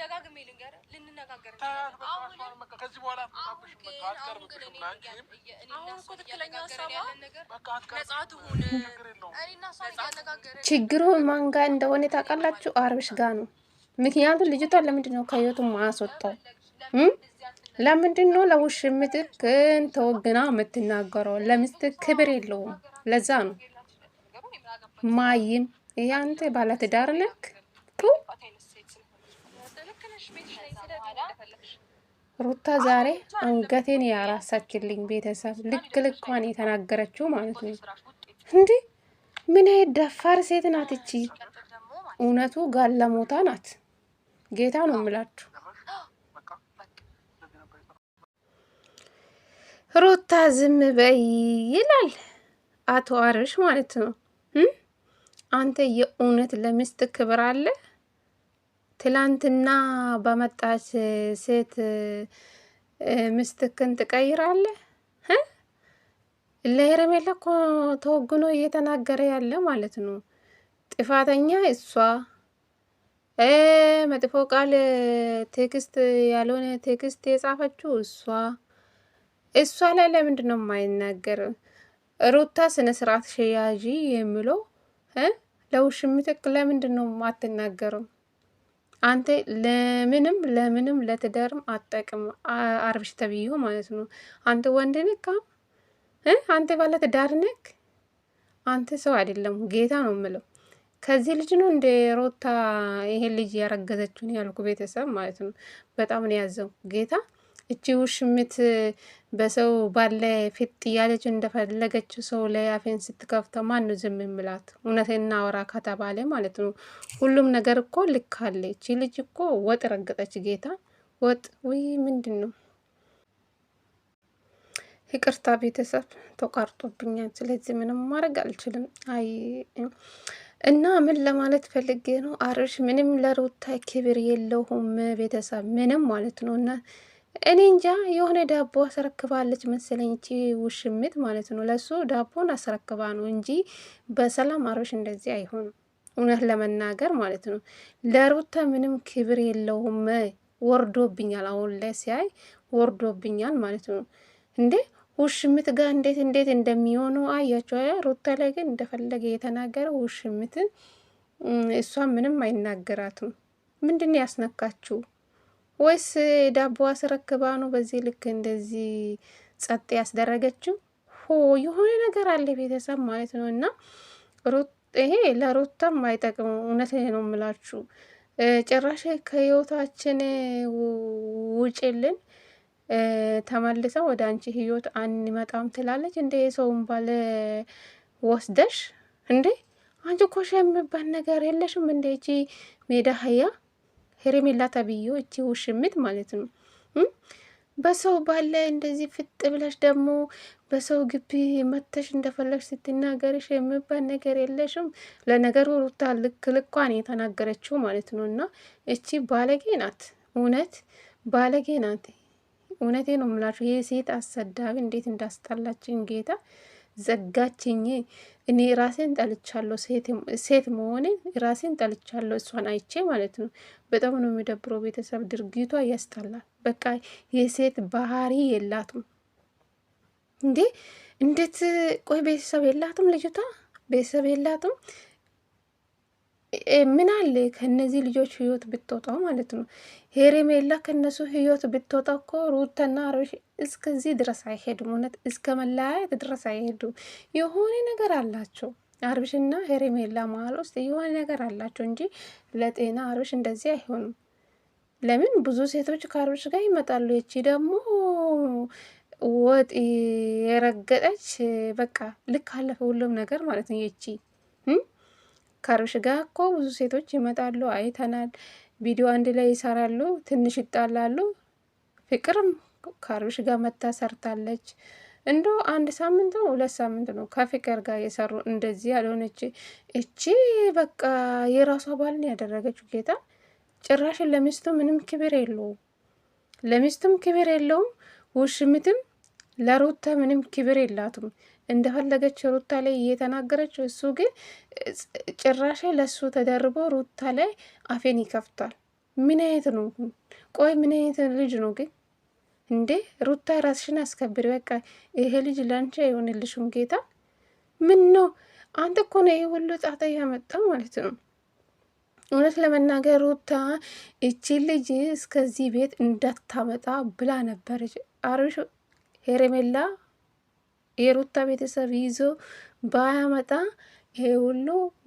ደጋግሜ ልንገር ልንነጋገር ከዚህ በኋላ ችግሩ ማን ጋ እንደሆነ ታውቃላችሁ? አብርሽ ጋ ነው። ምክንያቱም ልጅቷን ለምንድን ነው ከህይወቱ ማስወጣው? ለምንድን ነው ለውሽምትክ ተወግና የምትናገረው? ለምስትክ ክብር የለውም። ለዛ ነው ማይም ያንተ ባለትዳር ነክ ሩታ ዛሬ አንገቴን ያራሳችልኝ ቤተሰብ ልክ ልኳን የተናገረችው ማለት ነው። እንዴ ምን ደፋር ሴት ናት እቺ! እውነቱ ጋለሞታ ናት። ጌታ ነው የምላችሁ። ሩታ ዝም በይ ይላል አቶ አርሽ ማለት ነው። አንተ የእውነት ለሚስት ክብር አለ? ትላንትና በመጣች ሴት ምስትክን ትቀይራለ? ለሄርሜላ እኮ ተወግኖ እየተናገረ ያለ ማለት ነው። ጥፋተኛ እሷ መጥፎ ቃል ቴክስት ያልሆነ ቴክስት የጻፈችው እሷ እሷ ላይ ለምንድን ነው የማይናገር? ሩታ ስነ ስርዓት ሸያዥ የሚለው ለውሽምትክ ለምንድን ነው አትናገርም? አንተ ለምንም ለምንም ለትዳርም አጠቅም አብርሽ ተብዬው ማለት ነው። አንተ ወንድ ነካ፣ አንተ ባለ ትዳር ነክ፣ አንተ ሰው አይደለም ጌታ ነው የምለው። ከዚህ ልጅ ነው እንደ ሮታ ይሄ ልጅ ያረገዘችውን ያልኩ ቤተሰብ ማለት ነው። በጣም ነው ያዘው ጌታ እቺ ምት በሰው ባለ ፊት እያለች እንደፈለገችው ሰው ላይ አፌን ስትከፍተው ማን ዝም የሚላት? እውነቴን እናወራ ከተባለ ማለት ነው። ሁሉም ነገር እኮ ልክ አለ። እቺ ልጅ እኮ ወጥ ረገጠች። ጌታ ወጥ ውይ፣ ምንድን ነው? ይቅርታ ቤተሰብ ተቋርጦብኛል። ስለዚህ ምንም ማድረግ አልችልም። አይ እና ምን ለማለት ፈልጌ ነው፣ አብርሽ ምንም ለሩታ ክብር የለውም ቤተሰብ ምንም ማለት ነው እና እኔ እንጃ የሆነ ዳቦ አስረክባለች መሰለኝ እቺ ውሽምት ማለት ነው። ለሱ ዳቦን አስረክባ ነው እንጂ በሰላም አብርሽ እንደዚህ አይሆንም፣ እውነት ለመናገር ማለት ነው። ለሩታ ምንም ክብር የለውም። ወርዶብኛል፣ አሁን ላይ ሲያይ ወርዶብኛል ማለት ነው። እንዴ ውሽምት ጋር እንዴት እንዴት እንደሚሆኑ አያቸው። ሩታ ላይ ግን እንደፈለገ የተናገረ ውሽምት፣ እሷ ምንም አይናገራትም። ምንድን ያስነካችሁ? ወይስ ዳቦዋ አስረክባ ነው በዚህ ልክ እንደዚህ ጸጥ ያስደረገችው? ሆ የሆነ ነገር አለ ቤተሰብ ማለት ነው። እና ይሄ ለሩታም አይጠቅሙ እውነት ነው የምላችሁ ጭራሽ ከህይወታችን ውጭልን ተመልሰው ወደ አንቺ ህይወት አንመጣም ትላለች። እንደ የሰውን ባለ ወስደሽ እንዴ አንቺ ኮሻ የሚባል ነገር የለሽም። እንደ እቺ ሜዳ አህያ ሄርሜላ ተብዬው እቺ ውሽምት ማለት ነው። በሰው ባለ እንደዚህ ፍጥ ብለሽ ደግሞ በሰው ግቢ መተሽ እንደፈለግሽ ስትናገርሽ የሚባል ነገር የለሽም። ለነገሩ ሩታ ልክ ልኳን የተናገረችው ማለት ነው። እና እቺ ባለጌ ናት፣ እውነት ባለጌ ናት። እውነቴ ነው የምላችሁ። ይህ ሴት አሰዳቢ እንዴት እንዳስጠላችን ጌታ ዘጋችኝ። እኔ ራሴን ጠልቻለሁ፣ ሴት መሆኔን ራሴን ጠልቻለሁ፣ እሷን አይቼ ማለት ነው። በጣም ነው የሚደብረው። ቤተሰብ ድርጊቷ ያስጠላል። በቃ የሴት ባህሪ የላትም እንዴ! እንዴት ቆይ፣ ቤተሰብ የላትም ልጅቷ፣ ቤተሰብ የላትም። ምን አለ ልጆች ህይወት ብትወጣ ማለት ነው። ሄሬሜላ ከነሱ ህይወት ብትወጣ እኮ ሩታና አብርሽ እስከዚህ ድረስ አይሄድም። እውነት እስከ መለያየት ድረስ አይሄዱም። የሆነ ነገር አላቸው። አብርሽና ሄሬሜላ መሀል ውስጥ የሆነ ነገር አላቸው እንጂ ለጤና አብርሽ እንደዚህ አይሆኑም። ለምን ብዙ ሴቶች ከአብርሽ ጋር ይመጣሉ። ይቺ ደግሞ ወጥ የረገጠች በቃ ልክ አለፈ ሁሉም ነገር ማለት ነው ይቺ ከአብርሽ ጋር እኮ ብዙ ሴቶች ይመጣሉ፣ አይተናል። ቪዲዮ አንድ ላይ ይሰራሉ፣ ትንሽ ይጣላሉ። ፍቅርም ከአብርሽ ጋር መታ ሰርታለች። እንዶ አንድ ሳምንት ነው ሁለት ሳምንት ነው ከፍቅር ጋር የሰሩ እንደዚህ ያልሆነች እቺ በቃ የራሷ ባልን ያደረገችው ጌታ ጭራሽን ለሚስቱ ምንም ክብር የለውም። ለሚስቱም ክብር የለውም። ውሽምትም ለሩታ ምንም ክብር የላትም። እንደፈለገች ሩታ ላይ እየተናገረች፣ እሱ ግን ጭራሽ ለሱ ተደርቦ ሩታ ላይ አፌን ይከፍታል። ምን አይነት ነው? ቆይ ምን አይነት ልጅ ነው ግን እንዴ? ሩታ ራስሽን አስከብሪ። በቃ ይሄ ልጅ ለአንቺ አይሆንልሽም። ጌታ ምን ነው አንተ እኮ ነው ይሄ ሁሉ ጣጣ ያመጣው ማለት ነው። እውነት ለመናገር ሩታ እቺ ልጅ እስከዚህ ቤት እንዳታመጣ ብላ ነበረች። አርብሽ ሄሬሜላ የሩታ ቤተሰብ ይዞ ባያመጣ ይሄ ሁሉ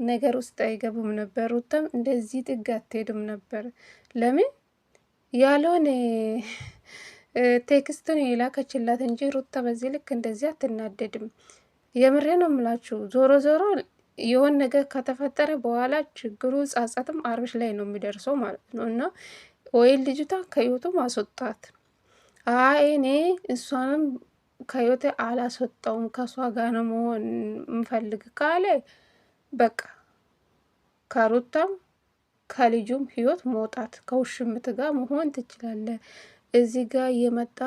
ነገር ውስጥ አይገቡም ነበር። ሩታም እንደዚህ ጥግ አትሄድም ነበር። ለምን ያልሆነ ቴክስትን የላከችላት እንጂ ሩታ በዚህ ልክ እንደዚህ አትናደድም። የምሬ ነው ምላችሁ። ዞሮ ዞሮ የሆን ነገር ከተፈጠረ በኋላ ችግሩ ጻጻትም አብርሽ ላይ ነው የሚደርሰው ማለት ነው። እና ወይን ልጅቷ ከህይወቱ ማስወጣት አይ እኔ እሷንም ከህይወቴ አላስወጣውም ከእሷ ጋር ነው መሆን የምፈልግ ካለ በቃ ከሩታም ከልጁም ህይወት መውጣት ከውሽምት ጋር መሆን ትችላለ። እዚህ ጋር የመጣ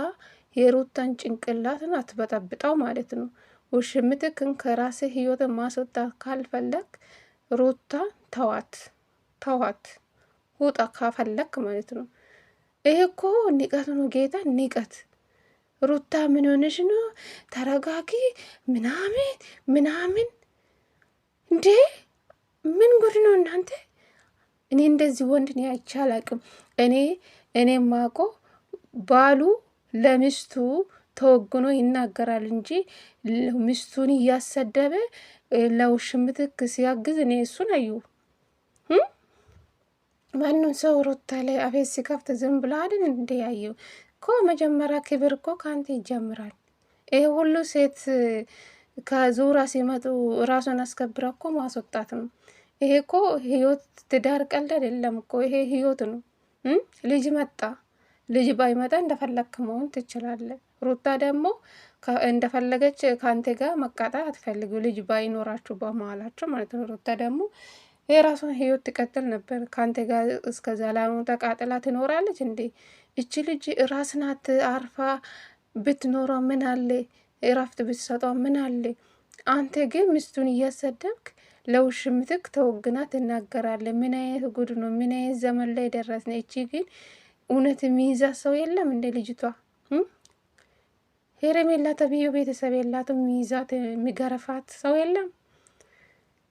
የሩታን ጭንቅላት ጭንቅላትን አትበጠብጠው ማለት ነው። ክን ከራስ ህይወት ማስወጣት ካልፈለግ ሩታ ተዋት፣ ተዋት ውጣ ካፈለግ ማለት ነው። ይህ እኮ ንቀት ነው፣ ጌታ ንቀት ሩታ ምን ሆነሽ ነው? ተረጋጊ ምናምን ምናምን። እንዴ ምን ጉድ ነው እናንተ! እኔ እንደዚህ ወንድ እኔ አይቼ አላቅም። እኔ እኔ ማቆ ባሉ ለሚስቱ ተወግኖ ይናገራል እንጂ ሚስቱን እያሰደበ ለውሽምትክ ሲያግዝ እኔ እሱን አዩ ማንም ሰው ሩታ ላይ አፌት ሲከፍት ዝም ብለህ አይደል እንደ ያየው እኮ መጀመሪያ ክብር እኮ ከአንተ ይጀምራል። ይህ ሁሉ ሴት ከዙራ ሲመጡ ራሱን አስከብራ እኮ ማስወጣት ነው። ይሄ እኮ ህይወት ትዳር ቀልድ አይደለም እኮ ይሄ ህይወት ነው። ልጅ መጣ ልጅ ባይመጣ እንደፈለግክ መሆን ትችላለ ሩታ ደግሞ እንደፈለገች ከአንቴ ጋር መቃጣ አትፈልጉ። ልጅ ባይኖራችሁ በመሀላችሁ ማለት ነው። ሩታ ደግሞ የራሷን ህይወት ትቀጥል ነበር። ከአንቴ ጋር እስከ ዘላለሙ ተቃጥላ ትኖራለች እንዴ? እች ልጅ ራስ ናት አርፋ ብትኖሯ ምን አለ? እረፍት ብትሰጧ ምን አለ? አንተ ግን ሚስቱን እያሰደብክ ምትክ ተወግና ትናገራለ ምን አይነት ጉድ ነው? ምን አይነት ዘመን ላይ ደረስን? እቺ ግን እውነት የሚይዛ ሰው የለም እንደ ልጅቷ ሄረሜላ ተብዮ ቤተሰብ የላትም። የሚይዛት የሚገረፋት ሰው የለም።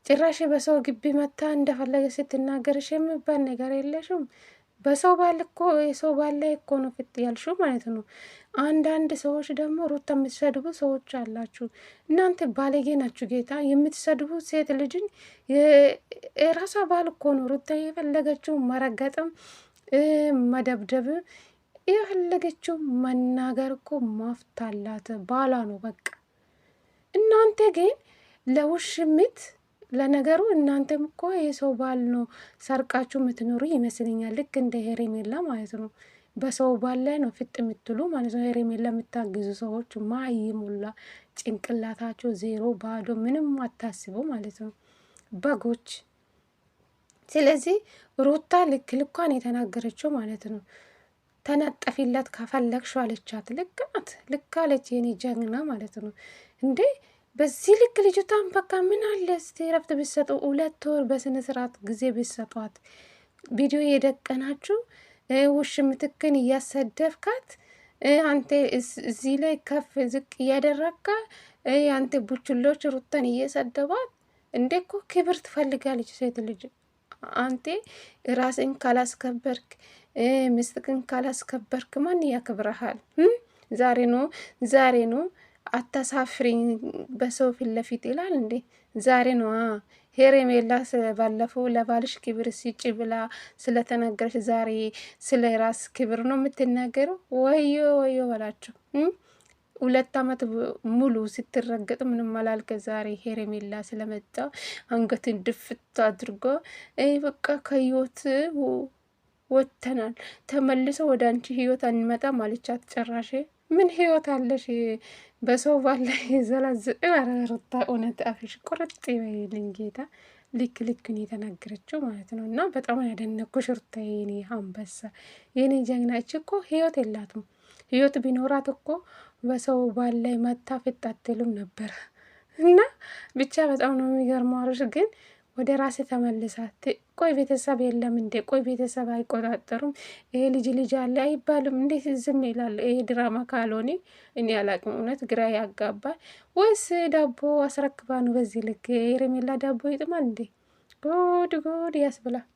ጭራሽ በሰው ግቢ መታ እንደፈለገ ስትናገርሽ የሚባል ነገር የለሽም። በሰው ባል እኮ የሰው ባል ላይ እኮ ነው ፍጥ ያልሹ ማለት ነው። አንዳንድ ሰዎች ደግሞ ሩታ የምትሰድቡ ሰዎች አላችሁ። እናንተ ባለጌ ናችሁ። ጌታ የምትሰድቡ ሴት ልጅን የራሷ ባል እኮ ነው ሩታ የፈለገችው መረገጥም፣ መደብደብ፣ የፈለገችው መናገር እኮ ማፍታላት ባሏ ነው በቃ። እናንተ ግን ለውሽምት ለነገሩ እናንተም እኮ የሰው ሰው ባል ነው ሰርቃችሁ የምትኖሩ ይመስለኛል። ልክ እንደ ሄሬሜላ ማለት ነው። በሰው ባል ላይ ነው ፍጥ የምትሉ ማለት ነው። ሄሬሜላ የምታግዙ ሰዎች ማይ ሙላ ጭንቅላታቸው ዜሮ ባዶ፣ ምንም አታስቡ ማለት ነው በጎች። ስለዚህ ሩታ ልክ ልኳን የተናገረችው ማለት ነው። ተነጠፊላት ከፈለግሽ አለቻት። ልክ ናት፣ ልክ አለች የኔ ጀግና ማለት ነው እንዴ በዚህ ልክ ልጅቷን በቃ ምን አለ እስቲ ረፍት ብሰጡ ሁለት ወር በስነ ስርዓት ጊዜ ብሰጧት። ቪዲዮ የደቀናችሁ ውሽ ምትክን እያሰደብካት አንተ እዚህ ላይ ከፍ ዝቅ እያደረግካ አንተ ቡችሎች ሩተን እየሰደቧት እንዴ እኮ ክብር ትፈልጋለች ሴት ልጅ። አንቴ ራስን ካላስከበርክ ምስጥቅን ካላስከበርክ ማን ያክብረሃል? ዛሬ ነው ዛሬ ነው አታሳፍሪኝ በሰው ፊት ለፊት ይላል እንዴ? ዛሬ ነዋ ሄሬሜላ ባለፈው ለባልሽ ክብር ሲጭ ብላ ስለተናገረች ዛሬ ስለ ራስ ክብር ነው የምትናገረው። ወዮ ወዮ በላቸው። ሁለት አመት ሙሉ ስትረገጥ ምንም አላልከ። ዛሬ ሄሬሜላ ስለመጣ አንገትን ድፍት አድርጎ በቃ ከህይወት ወጥተናል፣ ተመልሶ ወደ አንቺ ህይወት አንመጣ አለቻት። ጨራሽ ምን ህይወት አለሽ በሰው ባል ላይ የዘላዝቅ ሩታ እውነት አፍሽ ቁርጥ ይበይልኝ ጌታ። ልክ ልክን የተናገረችው ማለት ነው። እና በጣም ያደነኩሽ ሩታ፣ የኔ አንበሳ፣ የኔ ጀግና። እች እኮ ህይወት የላትም። ህይወት ቢኖራት እኮ በሰው ባል ላይ መታፍ አትልም ነበር። እና ብቻ በጣም ነው የሚገርመው። አብርሽ ግን ወደ ራስ ተመልሳ ቆይ ቤተሰብ የለም እንዴ? ቆይ ቤተሰብ አይቆጣጠሩም? ይሄ ልጅ ልጅ አለ አይባልም? እንዴት ዝም ይላል? ይሄ ድራማ ካልሆነ እኔ አላቅም። እውነት ግራ ያጋባል። ወይስ ዳቦ አስረክባ ነው በዚህ ልክ? የረሜላ ዳቦ ይጥማል እንዴ? ጉድ ጉድ ያስብላል።